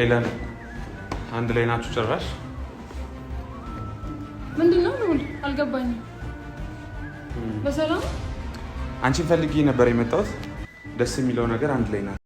ሄለን አንድ ላይ ናችሁ ጭራሽ? ምንድን ነው ልዑል? አልገባኝም። በሰላም አንቺን ፈልጌ ነበር የመጣሁት። ደስ የሚለው ነገር አንድ ላይ ናት።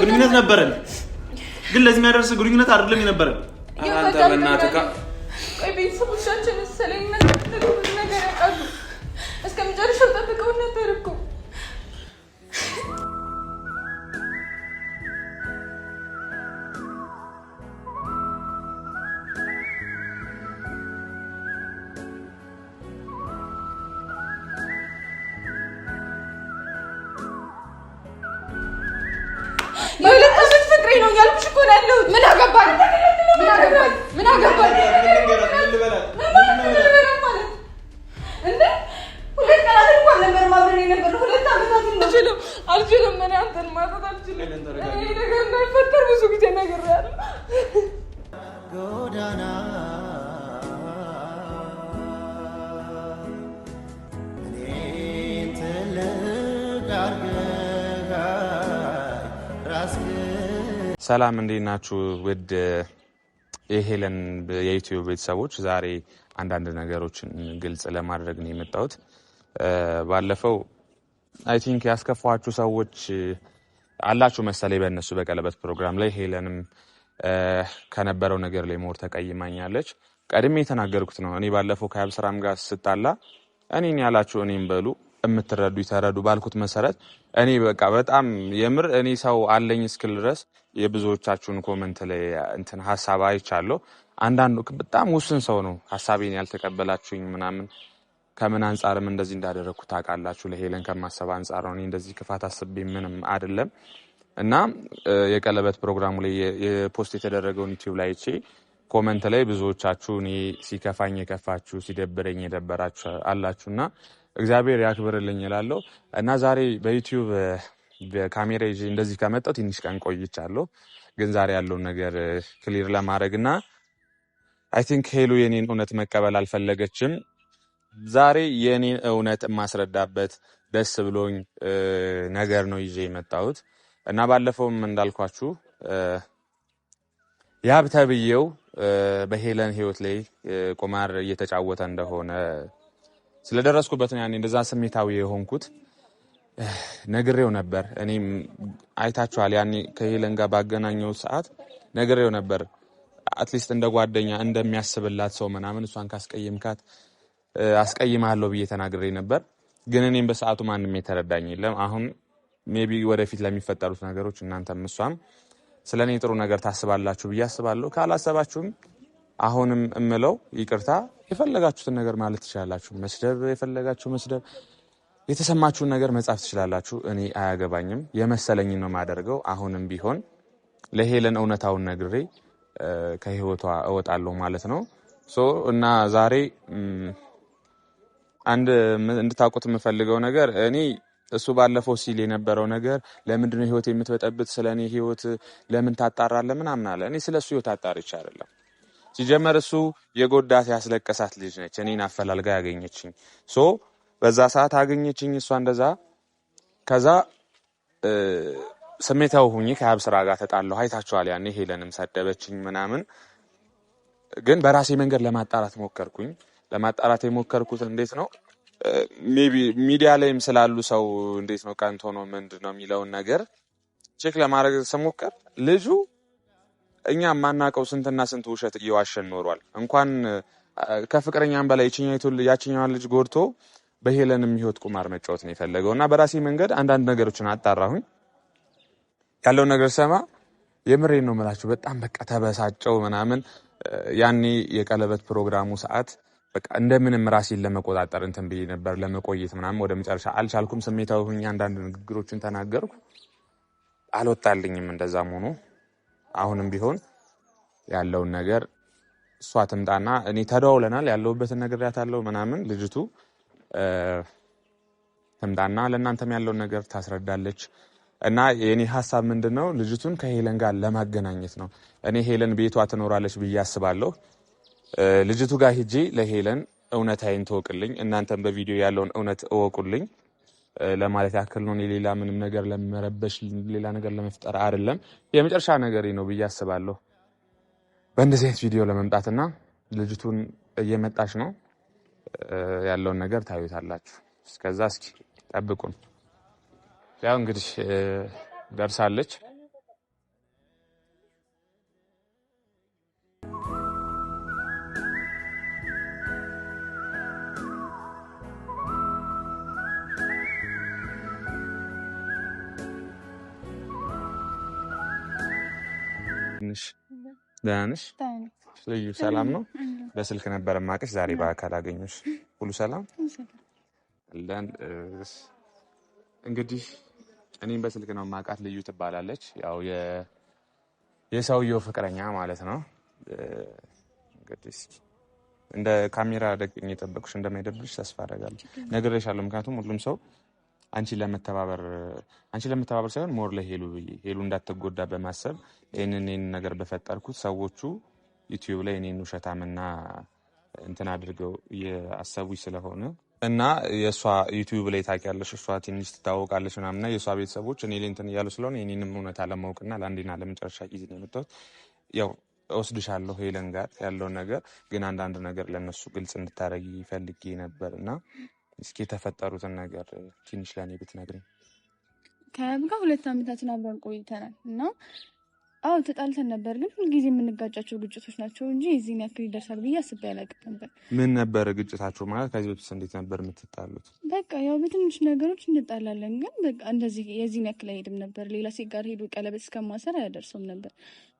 ግንኙነት ነበረን፣ ግን ለዚህ የሚያደርስ ግንኙነት አይደለም የነበረን። አንተ በእናትህ ቆይ ቤተሰቦቻችን ናችሁ ውድ የሄለን የዩትዩብ ቤተሰቦች፣ ዛሬ አንዳንድ ነገሮችን ግልጽ ለማድረግ ነው የመጣሁት። ባለፈው አይ ቲንክ ያስከፋችሁ ሰዎች አላችሁ መሰለኝ በእነሱ በቀለበት ፕሮግራም ላይ ሄለንም ከነበረው ነገር ላይ ሞር ተቀይማኛለች። ቀድሜ የተናገርኩት ነው። እኔ ባለፈው ከአብስራም ጋር ስጣላ እኔን ያላችሁ እኔም በሉ የምትረዱ ይተረዱ ባልኩት መሰረት እኔ በቃ በጣም የምር እኔ ሰው አለኝ እስክል ድረስ የብዙዎቻችሁን ኮመንት ላይ እንትን ሀሳብ አይቻለሁ። አንዳንዱ በጣም ውስን ሰው ነው ሀሳቤን ያልተቀበላችሁኝ ምናምን ከምን አንጻርም እንደዚህ እንዳደረግኩ ታውቃላችሁ። ለሄለን ከማሰብ አንጻር ነው። እኔ እንደዚህ ክፋት አስቤ ምንም አይደለም እና የቀለበት ፕሮግራሙ ላይ የፖስት የተደረገውን ዩቲዩብ ላይ ቼ ኮመንት ላይ ብዙዎቻችሁ እኔ ሲከፋኝ የከፋችሁ ሲደብረኝ የደበራችሁ አላችሁና እግዚአብሔር ያክብርልኝ እላለሁ እና ዛሬ በዩቲዩብ በካሜራ ይዤ እንደዚህ ከመጣው ትንሽ ቀን ቆይቻለሁ። ግን ዛሬ ያለውን ነገር ክሊር ለማድረግ እና አይ ቲንክ ሄሉ የኔን እውነት መቀበል አልፈለገችም። ዛሬ የኔን እውነት የማስረዳበት ደስ ብሎኝ ነገር ነው ይዤ የመጣሁት እና ባለፈውም እንዳልኳችሁ ያብ ተብዬው በሄለን ህይወት ላይ ቁማር እየተጫወተ እንደሆነ ስለደረስኩበት ነው ያኔ እንደዛ ስሜታዊ የሆንኩት። ነግሬው ነበር። እኔም አይታችኋል። ያኔ ከሄለን ጋር ባገናኘው ሰዓት ነግሬው ነበር። አትሊስት እንደ ጓደኛ እንደሚያስብላት ሰው ምናምን እሷን ካስቀየምካት አስቀይማለሁ ብዬ ተናግሬ ነበር። ግን እኔም በሰዓቱ ማንም የተረዳኝ የለም። አሁን ሜቢ ወደፊት ለሚፈጠሩት ነገሮች እናንተም እሷም ስለ እኔ ጥሩ ነገር ታስባላችሁ ብዬ አስባለሁ። ካላሰባችሁም አሁንም እምለው ይቅርታ፣ የፈለጋችሁትን ነገር ማለት ትችላላችሁ። መስደብ የፈለጋችሁ መስደብ፣ የተሰማችሁን ነገር መጻፍ ትችላላችሁ። እኔ አያገባኝም። የመሰለኝ ነው የማደርገው። አሁንም ቢሆን ለሄለን እውነታውን ነግሬ ከህይወቷ እወጣለሁ ማለት ነው እና ዛሬ አንድ እንድታውቁት የምፈልገው ነገር እኔ እሱ ባለፈው ሲል የነበረው ነገር ለምንድነው ህይወት የምትበጠብጥ ስለ እኔ ህይወት ለምን ታጣራለ ምናምን አለ። እኔ ስለ እሱ ህይወት አጣርቼ አይደለም ሲጀመር እሱ የጎዳት ያስለቀሳት ልጅ ነች። እኔን አፈላልጋ ያገኘችኝ ሶ በዛ ሰዓት አገኘችኝ እሷ እንደዛ። ከዛ ስሜታዊ ሁኝ ከሀብ ስራ ጋር ተጣለሁ። አይታችኋል። ያኔ ሄለንም ሰደበችኝ ምናምን። ግን በራሴ መንገድ ለማጣራት ሞከርኩኝ። ለማጣራት የሞከርኩት እንዴት ነው ሜቢ ሚዲያ ላይም ስላሉ ሰው እንዴት ነው ቀንቶ ነው ምንድን ነው የሚለውን ነገር ቼክ ለማድረግ ስሞከር ልጁ እኛ የማናውቀው ስንትና ስንት ውሸት እየዋሸን ኖሯል። እንኳን ከፍቅረኛም በላይ ያችኛዋን ልጅ ጎድቶ በሄለንም ህይወት ቁማር መጫወት ነው የፈለገው እና በራሴ መንገድ አንዳንድ ነገሮችን አጣራሁኝ። ያለው ነገር ሰማ የምሬ ነው የምላችሁ። በጣም በቃ ተበሳጨው ምናምን። ያኔ የቀለበት ፕሮግራሙ ሰዓት በቃ እንደምንም ራሴን ለመቆጣጠር እንትን ብዬ ነበር ለመቆየት ምናምን። ወደ መጨረሻ አልቻልኩም። ስሜታዊ ሁኜ አንዳንድ ንግግሮችን ተናገርኩ። አልወጣልኝም እንደዛም ሆኖ አሁንም ቢሆን ያለውን ነገር እሷ ትምጣና እኔ ተደዋውለናል፣ ያለሁበትን ያታለው ምናምን ልጅቱ ትምጣና ለእናንተም ያለውን ነገር ታስረዳለች። እና የኔ ሀሳብ ምንድን ነው ልጅቱን ከሄለን ጋር ለማገናኘት ነው። እኔ ሄለን ቤቷ ትኖራለች ብዬ አስባለሁ። ልጅቱ ጋር ሂጄ ለሄለን አይን ትወቅልኝ፣ እናንተም በቪዲዮ ያለውን እውነት እወቁልኝ። ለማለት ያክል ነው። ሌላ ምንም ነገር ለመረበሽ ሌላ ነገር ለመፍጠር አይደለም። የመጨረሻ ነገር ነው ብዬ አስባለሁ። በእንደዚህ አይነት ቪዲዮ ለመምጣትና ልጅቱን እየመጣች ነው ያለውን ነገር ታዩታላችሁ። እስከዛ እስኪ ጠብቁን። ያው እንግዲህ ደርሳለች። እንሽ ደህና ነሽ? ልዩ ሰላም ነው። በስልክ ነበር ማቅሽ፣ ዛሬ በአካል አገኘሽ። ሁሉ ሰላም ለን እንግዲህ እኔም በስልክ ነው ማቃት። ልዩ ትባላለች። ያው የሰውየው ፍቅረኛ ማለት ነው። እንግዲህ እንደ ካሜራ ደቅኝ የጠበቅሽ እንደማይደብልሽ ተስፋ አደርጋለሁ። ነግሬሻለሁ፣ ምክንያቱም ሁሉም ሰው አንቺን ለመተባበር አንቺን ለመተባበር ሳይሆን ሞር ለሄሉ ብዬ ሄሉ እንዳትጎዳ በማሰብ ይህንን ይህንን ነገር በፈጠርኩት ሰዎቹ ዩቲዩብ ላይ እኔን ውሸታምና እንትን አድርገው እያሰቡኝ ስለሆነ እና የእሷ ዩቲዩብ ላይ ታውቂያለሽ፣ እሷ ትንሽ ትታወቃለች ምናምና የእሷ ቤተሰቦች እኔ ላይ እንትን እያሉ ስለሆነ የኔንም እውነታ ለማወቅና ለአንዴና ለመጨረሻ ጊዜ ነው የመጣሁት። ያው እወስድሻለሁ ሄለን ጋር ያለውን ነገር ግን አንዳንድ ነገር ለእነሱ ግልጽ እንድታደረግ ይፈልጌ ነበር እና እስኪ የተፈጠሩትን ነገር ትንሽ ለእኔ ብትነግሪኝ። ከያብ ጋር ሁለት ዓመታትን አብረን ቆይተናል እና አዎ ተጣልተን ነበር፣ ግን ሁልጊዜ የምንጋጫቸው ግጭቶች ናቸው እንጂ የዚህን ያክል ይደርሳል ብዬ አስቤ አላውቅም ነበር። ምን ነበር ግጭታቸው? ማለት ከዚህ በፊት እንዴት ነበር የምትጣሉት? በቃ ያው በትንሽ ነገሮች እንጣላለን፣ ግን በቃ እንደዚህ የዚህን ያክል አይሄድም ነበር። ሌላ ሴት ጋር ሄዶ ቀለበት እስከማሰር አያደርሰውም ነበር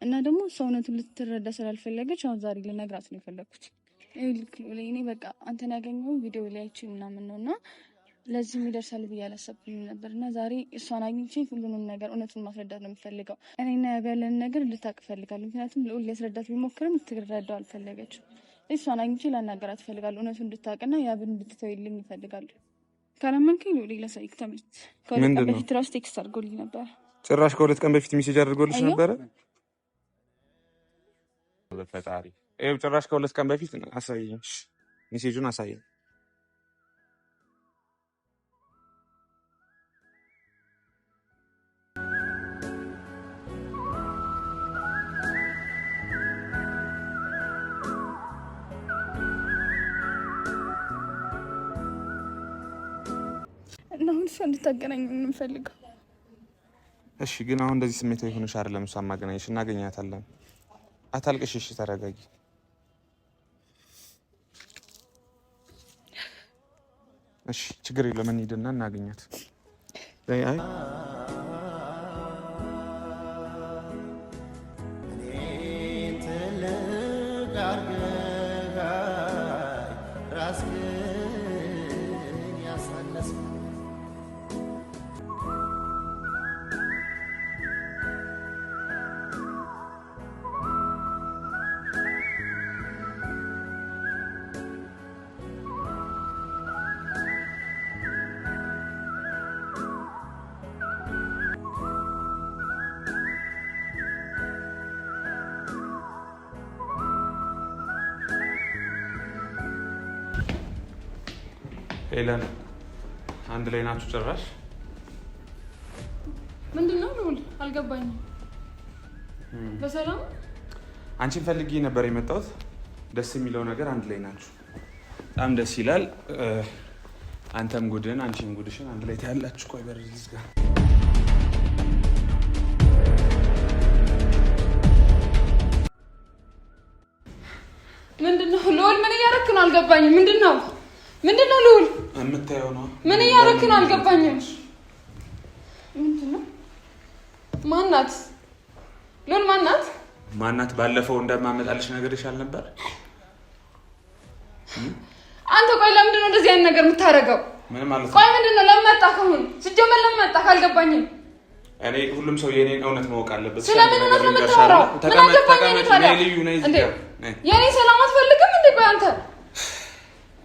እና ደግሞ ሰውነቱን ልትረዳ ስላልፈለገች አሁን ዛሬ ልነግራት ነው የፈለግኩት። ልክ በቃ አንተን ያገኘው ቪዲዮ ላይች ምናምን ነው እና ለዚህም ይደርሳል ብዬ አላሰብኩም ነበር እና ዛሬ እሷን አግኝቼ ሁሉንም ነገር እውነቱን ማስረዳት ነው የምፈልገው። እኔና ያለንን ነገር ልታቅ እፈልጋለሁ። ምክንያቱም ልዑል ሊያስረዳት ቢሞክርም ትረዳው አልፈለገችም። እሷን አግኝቼ ላናገራት እፈልጋለሁ። እውነቱን እንድታቅና ያብን እንድትተውልኝ ይፈልጋለሁ። ካላመንከኝ ልዑል ለሰው ይክተምት። ከሁለት ቀን በፊት ራሱ ቴክስት አድርጎልኝ ነበር። ጭራሽ ከሁለት ቀን በፊት ሜሴጅ አድርጎልሽ ነበረ በፈጣሪ ይኸው ጭራሽ ከሁለት ቀን በፊት አሳየኝ፣ ሜሴጁን አሳየኝ። እና አሁን እንድታገናኝ የምንፈልገው እሺ። ግን አሁን እንደዚህ ስሜታዊ ሆነሽ አይደለም እሷ ማገናኘሽ። እናገኛታለን። አታልቅሽ። እሺ፣ ተረጋጊ። እሺ ችግር የለም እንሂድና እናገኛት። ኤለን አንድ ላይ ናችሁ ጭራሽ። ምንድን ነው አልገባኝ? አልገባኝም። በሰላም አንቺን ፈልጌ ነበር የመጣሁት። ደስ የሚለው ነገር አንድ ላይ ናችሁ፣ በጣም ደስ ይላል። አንተም ጉድን አንቺም ጉድሽን አንድ ላይ ታያላችሁ። ቆይ በር ዝጋ። ምንድን ነው ምን እያደረክ ነው? አልገባኝም። ምንድን ነው ምንድን ነው ልውል? የምታየው ነው። ምን እያደረክ ነው? አልገባኝም። ምንድን ነው? ማናት? ልውል ማናት? ማናት? ባለፈው እንደማመጣልሽ ነገር ይሻል ነበር። አንተ ቆይ፣ ለምንድን ነው እንደዚህ አይነት ነገር የምታደርገው? ምን ማለት ነው? ቆይ ምንድን ነው? ለምን መጣህ? ከሆነ ሲጀመር ለምን መጣህ? አልገባኝም። እኔ ሁሉም ሰው የኔን እውነት ማወቅ አለበት። ስለምን እውነት ነው የምታወራው? ምን አልገባኝም። ታዲያ የኔ ሰላም አትፈልግም እንዴ? ቆይ አንተ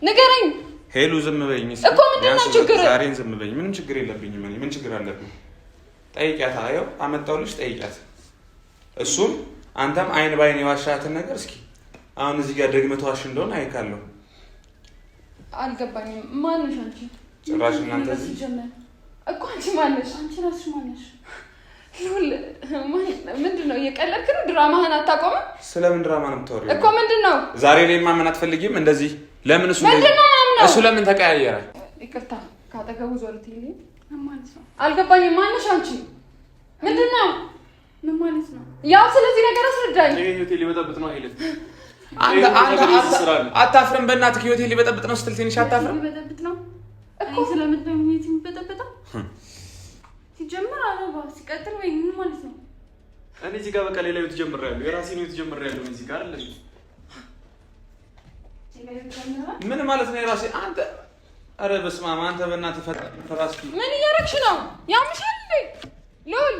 ንገረኝ። ሄሉ ዝም በይኝ እኮ ምንድን ነው ችግር? ዛሬን ዝም በይኝ። ምንም ችግር የለብኝም እኔ ምን ችግር አለብኝ? ጠይቂያት። አየው አመጣሁልሽ፣ ጠይቂያት። እሱም አንተም አይን ባይን የዋሻትን ነገር እስኪ አሁን እዚህ ጋር ደግመህ ተዋሽ እንደሆነ አይካለሁ። አልገባኝም። ማነሽ አንቺ? ጭራሽ እናንተ እኮ አንቺ ማነሽ? አንቺ እራስሽ ማነሽ? ምንድን ነው እየቀለድክ ነው? ድራማህን አታቆምም? ስለምን ድራማ ነው የምታወሪው? እኮ ምንድን ነው ዛሬ ላይ ማመን አትፈልጊም? እንደዚህ ለምን እሱ ምንድን ነው እሱ ለምን ተቀያየረ? ይቅርታ ካጠገቡ ዞር ትይልኝ። አልገባኝ። ማነሽ አንቺ? ምንድን ነው ምን ማለት ነው? ያው ስለዚህ ነገር አስረዳኝ። አታፍርም? በእናትህ ህይወቴ ሊበጠብጥ ነው ስትል ትንሽ አታፍርም? ሲጀምር አበባ ሲቀጥል ወይ ምን ማለት ነው? እኔ እዚህ ጋር በቃ ሌላ ህይወት ጀምሬያለሁ። የራሴን ህይወት ጀምሬያለሁ እዚህ ጋር ምን ማለት ነው? የራሴ አንተ አረ በስመ አብ አንተ በእናትህ ፈራስ ምን እያደረግሽ ነው? ያምሻል እንዴ ልዑል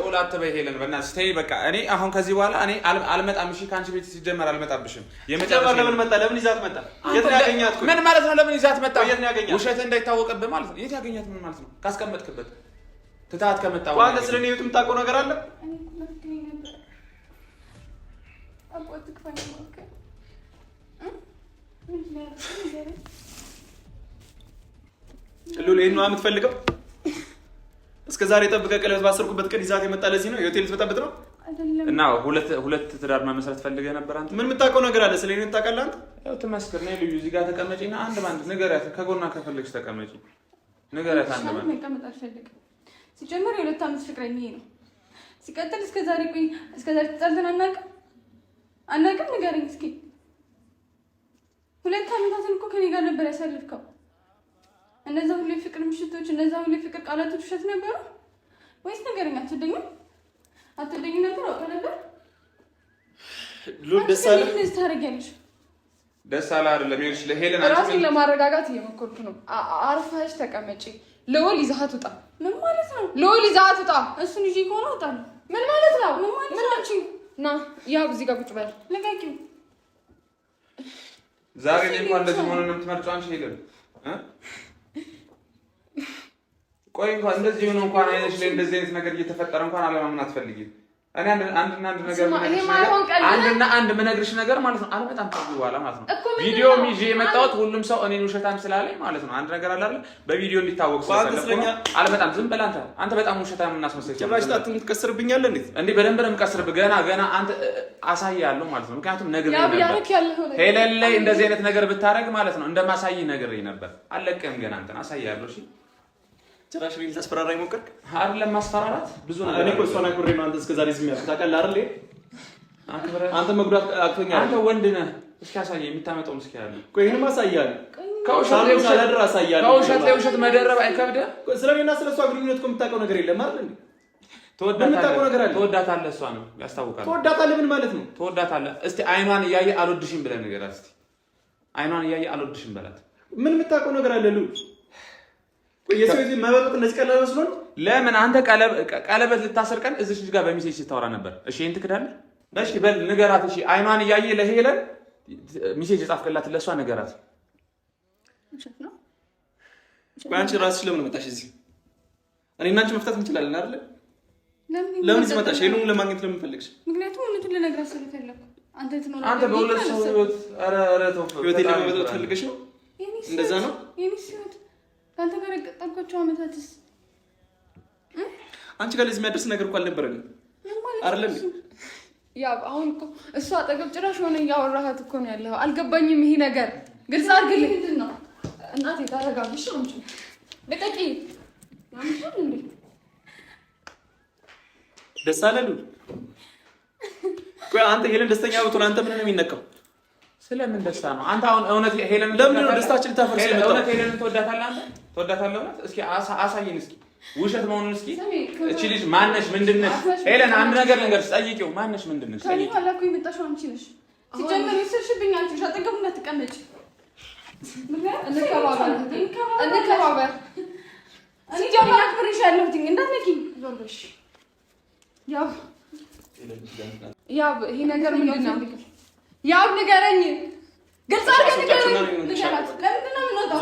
ልዑል አትበይ ሄለን በእናትሽ ተይ በቃ እኔ አሁን ከዚህ በኋላ እኔ አልመጣም እሺ ከአንቺ ቤት ሲጀመር አልመጣብሽም የመጨረሻ ለምን መጣ ለምን ይዛት መጣ የት ነው ያገኛት ምን ማለት ነው ለምን ይዛት መጣ የት ነው ያገኛት ውሸት እንዳይታወቅብህ ማለት ነው የት ያገኛት ምን ማለት ነው ካስቀመጥክበት ትታት ከመጣ ዋለ ስለ እኔ የምታውቀው ነገር አለ አቆጥክ ሉል ይህን ነው የምትፈልገው? እስከ ዛሬ ጠብቀ ቀለበት ባሰርኩበት ቀን ይዛት የመጣ ለዚህ ነው የሆቴል ልትበጣበጥ ነው። እና ሁለት ሁለት ትዳር መመስረት ፈልገህ ነበር አንተ። ምን የምታውቀው ነገር አለ? ስለ እኔ ታውቃለህ አንተ? ያው ትመስክር ነው ልዩ። እዚህ ጋር ተቀመጪና አንድ ባንድ ንገሪያት። ከጎና ከፈለግሽ ተቀመጪ፣ ንገሪያት አንድ ባንድ። መቀመጥ አልፈልግም። ሲጀመር የሁለት ዓመት ፍቅረኛ ነው። ሲቀጥል እስከዛሬ ቆይ፣ እስከዛሬ ዛሬ ተጣልተን አናውቅም አናውቅም። ንገረኝ እስኪ ሁለት ዓመታትን እኮ ከኔ ጋር ነበር ያሳልፍከው። እነዛ ሁሉ የፍቅር ምሽቶች፣ እነዛ ሁሉ የፍቅር ቃላቶች ውሸት ነበሩ ወይስ ነገረኛ? አትወደኝም? አትወደኝ ነበር አውቀ ነበር። ደስ ታደርጊያለሽ። ደስ አለ አይደለም? ይኸውልሽ ለሄለን ራሴን ለማረጋጋት እየሞከርኩ ነው። አርፈሽ ተቀመጪ። ልዑል ይዘሀት ውጣ። ምን ማለት ነው? ልዑል ይዘሀት ውጣ። እሱን ይዤ ከሆነ ውጣ ምን ማለት ነው? ምን ማለት ነው? ና ያው እዚህ ጋር ቁጭ በል። ልቀቂው ዛሬ ላይ እንኳን እንደዚህ ሆነ ነው የምትመርጫው አንቺ ሄደን ቆይ እንኳን እንደዚህ ሆኖ እንኳን አይነሽ ላይ እንደዚህ አይነት ነገር እየተፈጠረ እንኳን አለማመን አትፈልጊም። እኔ አንድና አንድ ነገር አንድና አንድ የምነግርሽ ነገር ማለት ነው። አልመጣም ከዚህ በኋላ ማለት ነው። ቪዲዮ ይዤ የመጣሁት ሁሉም ሰው እኔን ውሸታም ስላለኝ ማለት ነው። አንድ ነገር አለ አይደል? በቪዲዮ እንዲታወቅ አልመጣም። ዝም በል አንተ በጣም ውሸታም እናስመሰል ትቀስርብኛለህ። እንዴት እንዴ! በደንብ ነው የምቀስርብ። ገና ገና አንተ አሳያለሁ ማለት ነው። ምክንያቱም ነግሬህ ነበር ሄለን ላይ እንደዚህ አይነት ነገር ብታደርግ ማለት ነው እንደማሳይህ ነግሬህ ነበር። አለቅህም። ገና አንተን አሳያለሁ። እሺ ጭራሽ እኔን ልታስፈራራኝ ሞከርክ አይደለም? ማስፈራራት ብዙ ነው እኔ እኮ እሷን አክብሬ ነው አንተ እስከዛሬ ዝም ያልኩት። ታውቃለህ አይደል? አንተ መጉዳት አቅቶኛል። አንተ ወንድ ነህ። እስኪ አሳየህ፣ የምታመጣውን እስኪ ያለ ቆይ፣ ይሄንም አሳያለሁ። ከውሸት ላይ ውሸት መደረብ አይከብድህ? ስለ እኔና ስለ እሷ ግንኙነት እኮ የምታውቀው ነገር የለም አይደል? ትወዳታለህ፣ እሷ ነው ያስታውቃል። ትወዳታለህ፣ ምን ማለት ነው? ትወዳታለህ። እስኪ አይኗን እያየ አልወድሽም ብለህ ንገራት። እስኪ አይኗን እያየ አልወድሽም በላት። ምን የምታውቀው ነገር አለ? የሰው ለምን አንተ ቀለበት ልታሰርቀን ቀን እዚህ ልጅ ጋር በሚሴጅ ስታወራ ነበር። እሺ ይሄን ትክዳለህ? እሺ በል ንገራት። እሺ አይኗን እያየ ለሄለን ሚሴጅ የጻፍክላት ለእሷ ንገራት። አንቺ ራስሽ ለምን መጣሽ እዚህ? እኔ እናንቺ መፍታት እንችላለን አይደለ? ለምን እዚህ መጣሽ? ሄሉን ለማግኘት ለምን ፈለግሽ? ምክንያቱም እውነቱን ልነግራት ስለፈለኩ አንተ በሁለት ሰው ህይወት ፈልገሽ ነው። እንደዛ ነው ባልተቀረቀጠባቸው አመታትስ አንቺ ጋር ለዚህ የሚያደርስ ነገር እኮ አልነበረም አይደለም። ያ አሁን እኮ እሱ አጠገብ ጭራሽ ሆነ እያወራሃት እኮ ነው ያለው። አልገባኝም። ይሄ ነገር ግልጽ አድርግልኝ። ምንድን ነው እናቴ? ታረጋግሽ ነው እንጂ ልቀቂ። ደስ አለሉ። ቆይ አንተ ሄለን ደስተኛ ብትሆን አንተ ምን ነው የሚነካው? ስለምን ደስታ ነው? አንተ አሁን እውነት ሄለን ለምን ነው ደስታችን ተፈርሶ ታፈርስ? እውነት ሄለን ትወዳታለህ? አንተ ትወዳታለህ? እውነት እስኪ አሳየን፣ እስኪ ውሸት መሆኑን እስኪ። እቺ ልጅ ማነሽ? ምንድነሽ? ሄለን አንድ ነገር ነገር ጠይቂው። ማነሽ? ምንድነሽ? ከኔ አላኩ ይመጣሽው አንቺ ነሽ ሲጀምር ይስርሽብኝ። አንቺ ነሽ አጠገቡ እንዳትቀመጪ። እንከባበር፣ እንከባበር። ሲጀምር አክብሬሽ ያለሁትኝ እንዳትነኪኝ። ዞር ያው ያው ይሄ ነገር ምንድነው ያው ንገረኝ፣ ግልጽ አድርገህ ንገረኝ። ነው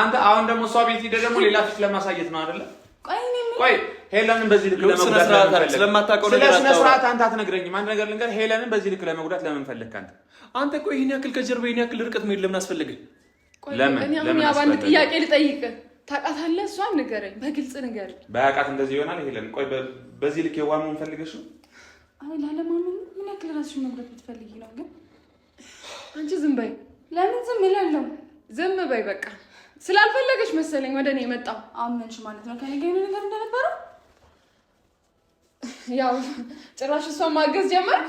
አንተ አሁን ደግሞ እሷ ቤት ሂደህ ደግሞ ሌላ ፊት ለማሳየት ነው አይደለ? ቆይ ሄለንን በዚህ ልክ ለመጉዳት ስለማታውቀው ነገር ስርዓት አንተ አትነግረኝም። አንድ ነገር ልንገርህ፣ ሄለንን በዚህ ልክ ለመጉዳት ለምን አንተ? አንተ ቆይ ይህን ያክል ከጀርባ ይህን ያክል ርቀት መሄድ ለምን አስፈለገ? ለምን አንድ ጥያቄ ልጠይቅ፣ ታውቃታለህ? እሷን ንገረኝ፣ በግልጽ ንገረኝ። በቃት እንደዚህ ይሆናል። ሄለን ቆይ በዚህ ልክ የዋህ መሆን ፈልገሽ ነው አይ ላለማመን ምን ያክል ራስሽ መጉዳት ብትፈልጊ ነው? ግን አንቺ ዝም በይ። ለምን ዝም እላለሁ? ዝም በይ በቃ። ስላልፈለገች መሰለኝ ወደ እኔ የመጣው። አመንሽ ማለት ነው? ከኔ ጋር ነገር እንደነበረው ያው ጭራሽ እሷን ማገዝ ጀመርክ።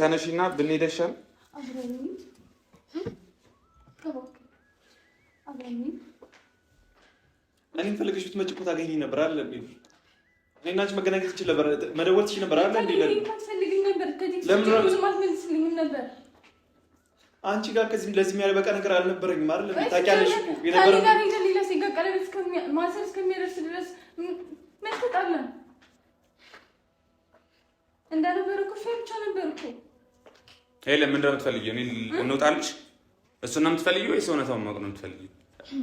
ተነሽና ብንሄድ ይሻላል። እኔ ፈልገሽ ብትመጪ እኮ ታገኝ ነበር አለ እኔና አንቺ መገናኘት ትችል ነበር፣ መደወል ትችል ነበር አለ ነበር አንቺ ጋር ከዚህ ለዚህ የሚያበቃ ነገር አልነበረኝም አይደል? ታውቂያለሽ የነበረ ሌላ ሴት ጋር ቀለበት እስከሚያደርስ ድረስ ምን ተጣላን? እንደነበረ እኮ ፈርቻ ነበር እኮ ሄለ ምን እንደምትፈልጊ እኔ እንውጣልሽ። እሱ ነው የምትፈልጊ ወይስ እውነታውን ማወቅ ነው የምትፈልጊ?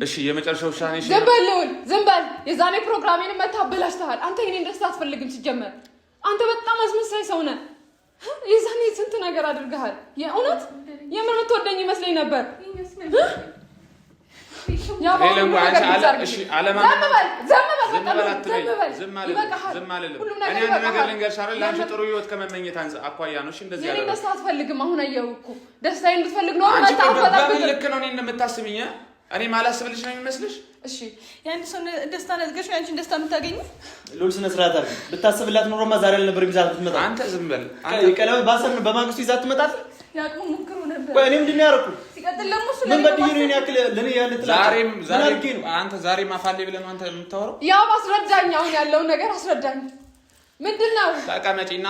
እሺ የመጨረሻው ውሳኔ እሺ። ዝም በል ልዑል፣ ዝም በል። የዛኔ ፕሮግራሜን መታበላሽተሃል። አንተ የኔን ደስታ አትፈልግም። ሲጀመር አንተ በጣም አስመሳይ ሰው ነህ። የዛኔ ስንት ነገር አድርገሃል። የእውነት የምን የምትወደኝ ይመስለኝ ነበር። ያ ባሁን ነገር ይዛርግ። ዝም በል ዝም ጥሩ ህይወት ከመመኘት አኳያ ነው። እንደዚህ ያለ ደስታ አትፈልግም። አሁን አየሁ እኮ ደስታ እንድትፈልግ ነው። ልክ ነው። እኔን የምታስብኝ እኔ ማላስብልሽ ነው የሚመስልሽ? እሺ የአንድ ሰው ደስታ ነዝገሽ የአንቺን ደስታ የምታገኙ ሎል ስነ ስርዓት ብታስብላት ኖሮማ ዛሬ አልነበረም ይዛት ትመጣ። አንተ ዝም በል። ቀለበት ባሰብን በማግስቱ ይዛት ትመጣት ያቅሙ ሞክሮ ነበር። ቆይ አንተ ዛሬ ማፋሌ ብለህ ነው አንተ የምታወራው? ያው አስረዳኝ፣ አሁን ያለውን ነገር አስረዳኝ። ምንድን ነው ተቀመጪ እና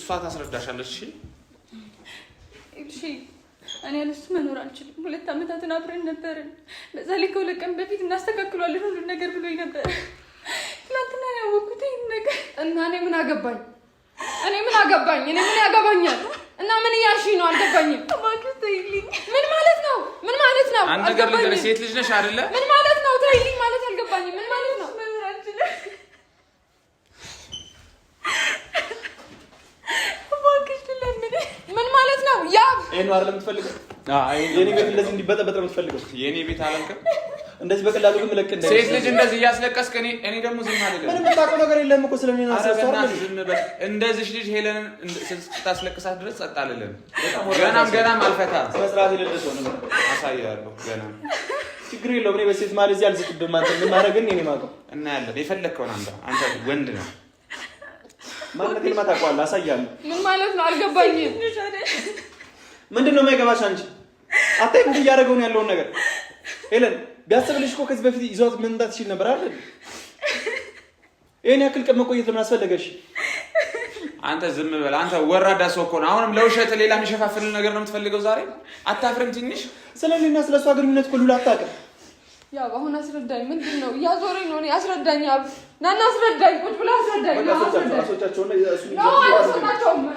እሷ ታስረዳሻለች። እሺ እኔ ያለሱ መኖር አልችልም። ሁለት ዓመታትን አብረን ነበርን። በዛ ላይ ከሁለት ቀን በፊት እናስተካክሏለን ሁሉን ነገር ብሎኝ ነበር። ትናንትና ይህን ነገር እና እኔ ምን አገባኝ እኔ ምን አገባኝ? እኔ ምን ያገባኛል? እና ምን እያልሽ ነው? አልገባኝም። ምን ማለት ነው? ምን ማለት ነው? አንድ ነገር ልንገርሽ፣ ሴት ልጅ ነሽ አይደለ? ምን ማለት ነው? ትይልኝ ማለት አልገባኝም። ምን ማለት ነው? ያ ይሄን አይደለም የምትፈልገው? አይ የኔ ቤት እንደዚህ እንዲበጠበጥ ነው የምትፈልገው? የኔ ቤት አላልክም እንደዚህ በቀላሉ ግን ልክ እንደ ሴት ልጅ እንደዚህ እያስለቀስክ እኔ እኔ ደግሞ ዝም አልልም። ምንም የምታውቀው ነገር የለም እኮ ስለሚና አሰሰር ዝም በል። እንደዚህ ልጅ ሄለንን ስታስለቅሳት ድረስ ጸጥ አልልም። ገናም ገናም አልፈታ መስራት ይልልሶ ነው አሳያለሁ። ገናም ችግር የለውም። እኔ በሴት ማለት እዚህ አልዝቅብም። አንተ ምን ማድረግ እኔ ማውቀው እና ያለ የፈለግከውን አንተ አንተ ወንድ ነው ማለት ልማ ታውቀዋለህ። አሳያለሁ። ምን ማለት ነው አልገባኝም። ምንድን ነው የማይገባሽ አንቺ? አታይ እያደረገውን ያለውን ነገር ሄለን ቢያስብልሽ እኮ ከዚህ በፊት ይዟት መምጣት ሲል ነበር አይደል? ይህን ያክል ቀን መቆየት ለምን አስፈለገሽ? አንተ ዝም በል አንተ ወራዳ ሰው እኮ ነው። አሁንም ለውሸት ሌላ የሚሸፋፍል ነገር ነው የምትፈልገው ዛሬ? አታፍርም? ትንሽ ስለ እኔና ስለ እሷ ግንኙነት እኮ ሉላ አታውቅም። ያው አሁን አስረዳኝ። ምንድን ነው እያዞረኝ ነው? እኔ አስረዳኝ። አብ ናና አስረዳኝ። ቁጭ ብለህ አስረዳኝ። አስወጣቸውም።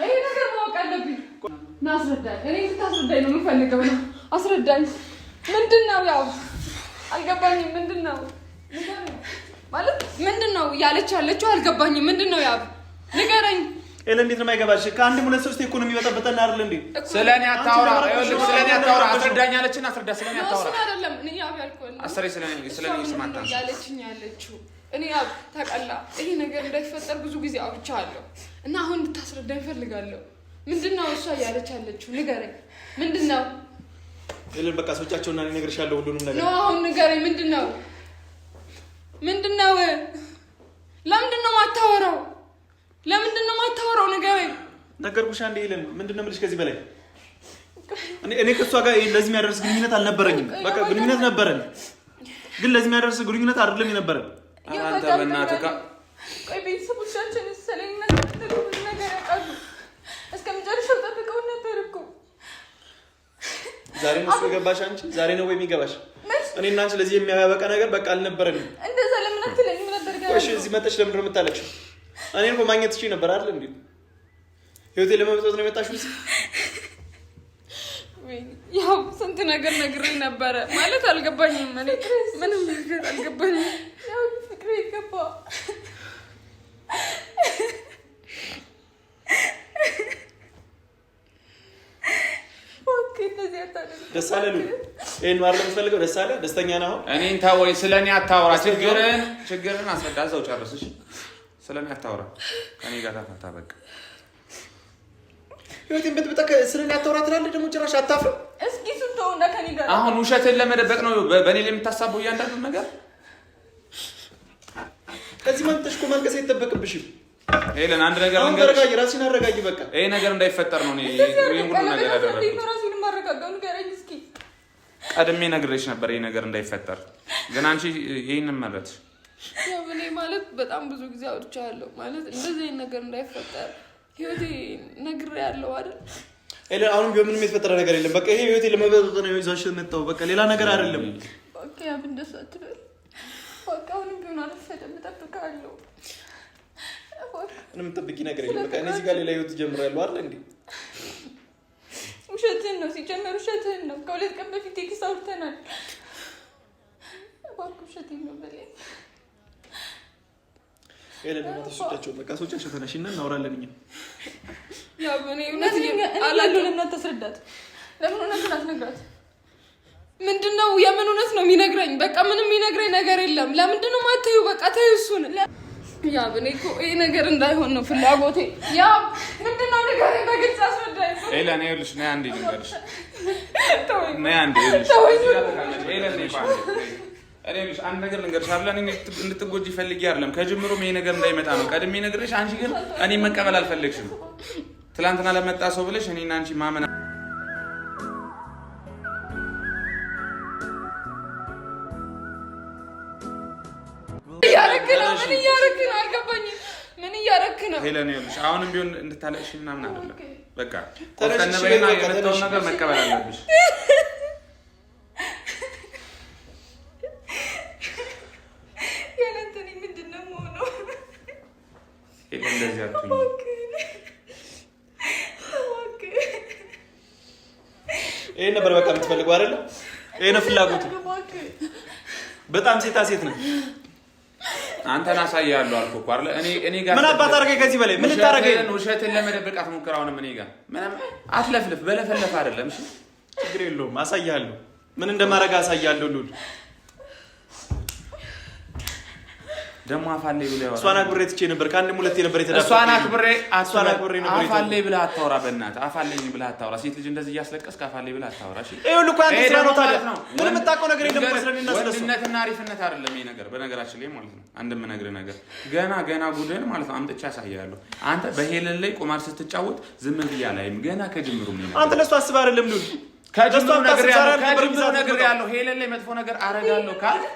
ይሄ ነገር ማወቅ አለብኝ። ና አስረዳኝ። እኔ እንድታስረዳኝ ነው የምፈልገው። አስረዳኝ። ምንድን ነው ያው አልገባኝም። ምንድን ነው ማለት ምንድን ነው እያለች ያለችው? አልገባኝም። ምንድን ነው ያብ ንገረኝ። ኤለ እንዴት ነው የማይገባሽ? ከአንድ ሁለት ሶስት እኮ ነው የሚበጠበጠን አይደል እንዴ? ስለኔ አታውራ፣ ይኸውልህ ስለኔ አታውራ። አስረዳኝ አለችኝ፣ አስረዳ። ስለኔ አታውራ አይደለም እኔ ያብ ያልኩህ አስሬ ስለኔ ስለኔ ስማታ ያለችኝ ያለችው እኔ ያብ ታውቃላ። ይሄ ነገር እንዳይፈጠር ብዙ ጊዜ አውርቻለሁ እና አሁን እንድታስረዳኝ እፈልጋለሁ። ምንድነው እሷ እያለች ያለችው? ንገረኝ ምንድነው ሄለን በቃ እና እነግርሻለሁ ሁሉንም ነገር ነው። አሁን ንገረኝ፣ ምንድን ነው ምንድን ነው? ለምንድን ነው የማታወራው? ለምንድን ነው የማታወራው? ንገረኝ። ነገርኩሽ አንዴ ሄለን፣ ምንድን ነው የምልሽ ከዚህ በላይ እኔ ከሷ ጋር ለዚህ የሚያደርስ ግንኙነት አልነበረኝም። በቃ ግንኙነት ነበረን፣ ግን ለዚህ የሚያደርስ ግንኙነት አይደለም የነበረን። አንተ በእናትህ ቆይ ቤተሰቦቻችን ሰለኝነት ዛሬ ነው እሱ የገባሽ? አንቺ ዛሬ ነው ወይ የሚገባሽ? እኔ እና አንቺ ለዚህ የሚያበቃ ነገር በቃ አልነበረንም። እንደዛ ለምን አትለኝም ነበር? እሺ እዚህ መጣሽ፣ ለምንድን ነው የምታለቅሽው? እኔ እኮ ማግኘት እሺ ነበር አይደል? እንዴ ህይወቴ ለመበጥበጥ ነው የመጣሽው? ያው ስንት ነገር ነግሬ ነበረ ማለት አልገባኝም። እኔ ምንም ነገር አልገባኝም። ያው ፍቅሬ ይገባ ደስ አለ ሉ ይህን ማድረግ የምትፈልገው ደስ አለ ደስተኛ ነው። እኔን ተወኝ፣ ስለ እኔ አታወራ። ችግርን ችግርን አስረዳ። እዛው ጨርስሽ። ስለ እኔ አታወራ። ከኔ ጋር ታፈታ በቃ ህይወቴን ብትብጠ ስለ እኔ አታወራ ትላለህ። ደግሞ ጭራሽ አታፍርም። እስኪ ስንተውና ከኔ ጋር አሁን ውሸትን ለመደበቅ ነው በእኔ ላይ የምታሳበው እያንዳንዱ ነገር። ከዚህ መምጠሽ እኮ ማልቀስ አይጠበቅብሽም። ሄለን አንድ ነገር አረጋጊ፣ ራሴን አረጋጊ። በቃ ይሄ ነገር እንዳይፈጠር ነው ሁሉ ነገር ያደረግኩት ማረጋጋው ንገረኝ እስኪ። ቀድሜ ነግሬሽ ነበር ይህ ነገር እንዳይፈጠር፣ ግን አንቺ ይህንን መረጥሽ። እኔ ማለት በጣም ብዙ ጊዜ አውርቻለሁ ማለት እንደዚህ ነገር እንዳይፈጠር ህይወቴ ነግሬ ያለው አይደል ኤላ አሁን ቢሆን ምንም የተፈጠረ ነገር የለም። በቃ ይሄ ህይወቴ ለመበጠጥ ነው ይዛሽ መጣው። በቃ ሌላ ነገር አይደለም። በቃ ያ እንደሱ አትበል። በቃ አሁን ቢሆን አልፈደም እጠብቅሃለሁ። ምንም የምጠብቂ ነገር የለም። በቃ እኔ እዚህ ጋር ሌላ ህይወት ጀምራለሁ አይደል እንዴ ውሸትህን ነው። ሲጀመር ውሸትህን ነው። ከሁለት ቀን በፊት ቴክስት አውርተናል። እባክህ ውሸትህን ነው በለኝ። ታስረዳት። ለምን እውነቱን አትነግራት? ምንድን የምን እውነት ነው የሚነግረኝ? በቃ ምንም የሚነግረኝ ነገር የለም። ለምንድነው ማትዩ? በቃ ተይው እሱን ያብ እኔ እኮ ይሄ ነገር እንዳይሆን ነው ፍላጎቴ። ያብ ምንድን ነው ነገር በግልጽ አስረዳኝ። ነይ አንዴ ልንገርሽ። ነይ አንዴ አንድ ነገር ልንገርሽ። አብላን እንድትጎጂ ፈልጌ አይደለም፣ ከጅምሮም ይሄ ነገር እንዳይመጣ ነው ቀድሜ ነግሬሽ። አንቺ ግን እኔ መቀበል አልፈለግሽም። ትላንትና ለመጣ ሰው ብለሽ እኔና አንቺ ማመን እያረክ ነው? ምን እያረክ ነው? አልገባኝም። ምን እያረክ ነው? ሄለን ይኸውልሽ፣ አሁንም ቢሆን እንድታለቅሽ ምናምን አይደለም። በቃ ቆፍጠን የመጣውን ነገር መቀበል አለብሽ። ይሄን ነበር በቃ የምትፈልገው አይደለም? ይሄን ፍላጎት በጣም ሴታ ሴት ነው። አንተን አሳያለሁ አልኩህ እኮ አይደለ? እኔ እኔ ጋር ምን አባት አደረገኝ ከዚህ በላይ ምን ታደርገኝ? ውሸትን ለመደበቅ አትሞክር። አሁንም እኔ ጋር ምንም አትለፍልፍ። በለፈለፍ አይደለም። እሺ ችግር የለውም። አሳያለሁ ምን እንደማደርግ አሳያለሁ ሉል ደግሞ አፋሌ ብለህ እሷን አክብሬ ትቼ ነበር። ከአንድም ሁለቴ ነበር የተዳፈርኩት። እሷን አክብሬ እሷን አክብሬ ነበር። አፋሌ ብለህ አታውራ፣ በእናትህ አፋሌ ብለህ አታውራ። ሴት ልጅ እንደዚህ እያስለቀስክ አፋሌ ብለህ አታውራ። እሺ፣ ይኸውልህ እኮ አንተ ስራ ነው። ታዲያ ምንም የምታውቀው ነገር የለም እኮ ስለኔ እና ስለሱ። ወንድነትና አሪፍነት አይደለም ይሄ ነገር፣ በነገራችን ላይ ማለት ነው። አንድ የምነግርህ ነገር ገና ገና ጉድህን ማለት ነው አምጥቼ አሳይሃለሁ። አንተ በሄለን ላይ ቁማር ስትጫወት ዝም ብዬ አላይም። ገና ከጅምሩ ነው አንተ ለእሱ አስበህ አይደለም ሉል ከጅምሩ ያለው ሄለን ላይ መጥፎ ነገር አረጋለሁ ካልክ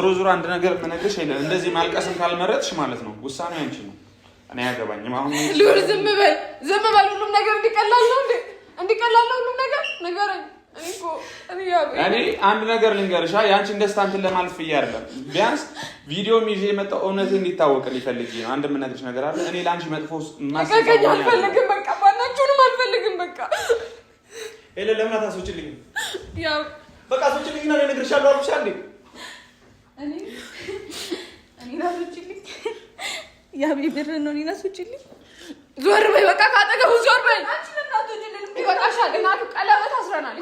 ዞሮ ዞሮ አንድ ነገር ምንልሽ እንደዚህ ማልቀስን ካልመረጥሽ ማለት ነው ውሳኔ አንቺ ነው። እኔ አያገባኝም። አሁን ልዑል ዝም በል ዝም በል። ሁሉም ነገር እንዲቀላል ነው እንዴ? እንዲቀላል ነው ሁሉም ነገር ንገረኝ። እኔ አንድ ነገር ልንገርሻ የአንቺን ደስታ እንትን ለማለት ፍዬ አይደለም። ቢያንስ ቪዲዮ ይዤ የመጣው እውነት እንዲታወቅ ሊፈልግ ነው። አንድ የምነግርሽ ነገር አለ። እኔ ለአንቺ መጥፎ ማስቀኝ አልፈልግም። በቃ ባናችሁንም አልፈልግም። በቃ ለምን አታስወጪልኝም? በቃ አስወጪልኝና እነግርሻለሁ አልኩሽ እንዴ ያቤ ብር ነው። እኔን አስወጪልኝ። ዞር በይ በቃ፣ ካጠገቡ ዞር በይ። ይበቃሻል። እናቱ ቀለበት አስረናል።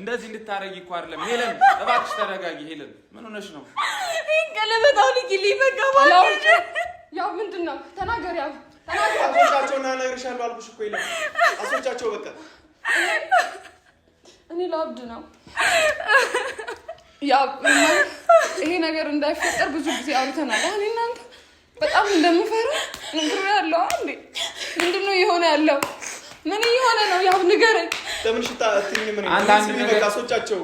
እንደዚህ እንድታረጊ እኮ አይደለም። ሄለን እባክሽ ተረጋጊ። ሄለን ምን ሆነሽ ነው? ይህን ቀለበት አውልቂልኝ። በቃ ያው ምንድን ነው ተናገሪ። ያው አስወጫቸውና እነግርሻለሁ አልኩሽ እኮ ይላል። አስወጫቸው በቃ እኔ ለአብድ ነው ይሄ ነገር እንዳይፈጠር ብዙ ጊዜ አውርተናል። አሁን እናንተ በጣም እንደምፈራ ንግር ያለው አንዴ ምንድን ነው የሆነ ያለው? ምን እየሆነ ነው? ያው ንገረኝ። ለምን ሽታ ትኝ ምን አስወጫቸው።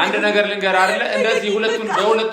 አንድ ነገር ልንገር አለ እንደዚህ ሁለቱን በሁለቱ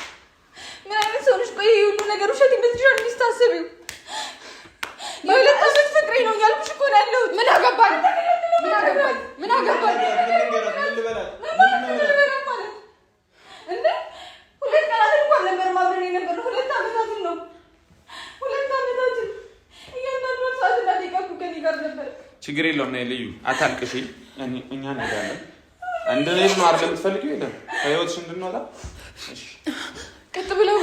ምን አይነት ሰው ነሽ? ቆይ ሁሉ ነገር ውሸት ይመስልሻል? የሚስታስቢው በሁለት ዓመት ፍቅሬ ነው እያልኩሽ እኮ ነው ያለሁት። ምን አገባኝ? ምን አገባኝ? ነበር። ችግር የለውም። ነይ ልዩ፣ አታልቅሽ። እኛ እንሄዳለን። እንደኔ ነው አይደል የምትፈልጊው? የለም ከህይወትሽ እንድንወጣ ቅጥ ብለው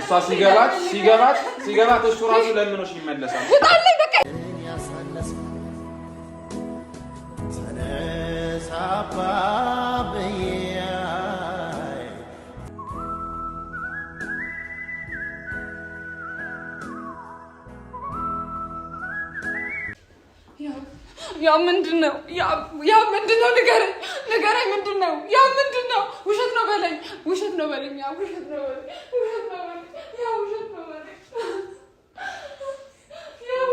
እሷ ሲገባት ሲገባት ሲገባት እሱ ራሱ ለምኖች ይመለሳል። ያ ምንድን ነው? ያ ምንድን ነው? ንገረኝ ንገረኝ፣ ምንድን ነው ያ? በለኝ፣ ውሸት ነው በለኝ፣ ያ ውሸት ነው በለኝ፣ ውሸት ነው በለኝ፣ ያ ውሸት ነው በለኝ።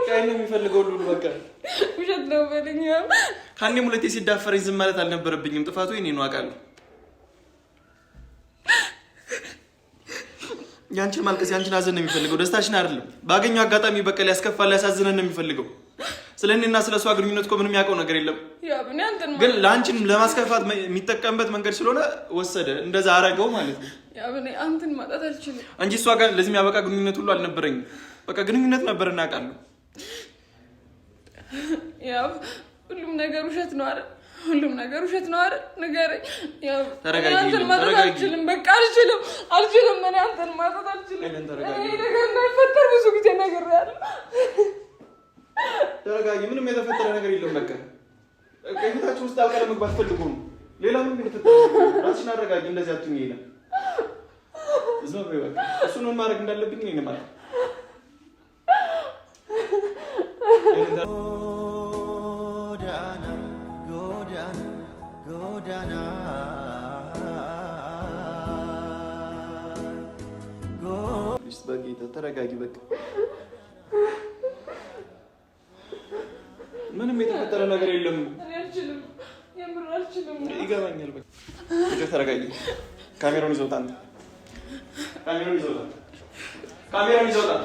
ቀይ ነው የሚፈልገው ሁሉ በቃ ውሸት ነው በለኝ። ያ ከአንዴም ሁለቴ ሲዳፈረኝ ዝም ማለት አልነበረብኝም። ጥፋቱ የእኔ ነው አውቃለሁ። ያንቺን ማልቀስ ያንቺን ሀዘን ነው የሚፈልገው፣ ደስታሽን አይደለም። ባገኘው አጋጣሚ በቀል ያስከፋል፣ ያሳዝነን ነው የሚፈልገው። ስለ እኔና ስለ እሷ ግንኙነት እኮ ምንም ያውቀው ነገር የለም። ግን ለአንቺን ለማስከፋት የሚጠቀምበት መንገድ ስለሆነ ወሰደ፣ እንደዛ አረገው ማለት ነው። አንተን ማጣት አልችልም እንጂ እሷ ጋር ለዚህ የሚያበቃ ግንኙነት ሁሉ አልነበረኝም። በቃ ግንኙነት ነበር እናውቃለሁ። ያው ሁሉም ነገር ውሸት ነው አይደል? ሁሉም ነገር ውሸት ነው አይደል? ንገረኝ። ያው አንተን ማጣት አልችልም። በቃ አልችልም፣ አልችልም። እኔ አንተን ማጣት አልችልም። ይሄ ነገር እንዳይፈጠር ብዙ ጊዜ ነገር ያለ ተረጋጊ። ምንም የተፈጠረ ነገር የለም። በቃ ከቤታችሁ ውስጥ አልቃ ለመግባት ፈልጎ ነው። ሌላ ምንም የተፈጠረ ራስሽን አረጋጊ። እንደዚህ አትሁኝ። ይሄዳ እዛ በቃ እሱ ምን ማድረግ እንዳለብኝ ነው ማለት ጎዳና ጎዳና ጎዳና ተረጋጊ በቃ ምንም የተፈጠረ ነገር የለም። ይገባኛል። በቃ ተረጋጊ። ካሜራውን ይዘውታል። ካሜራውን ይዘውታል። ካሜራውን ይዘውታል።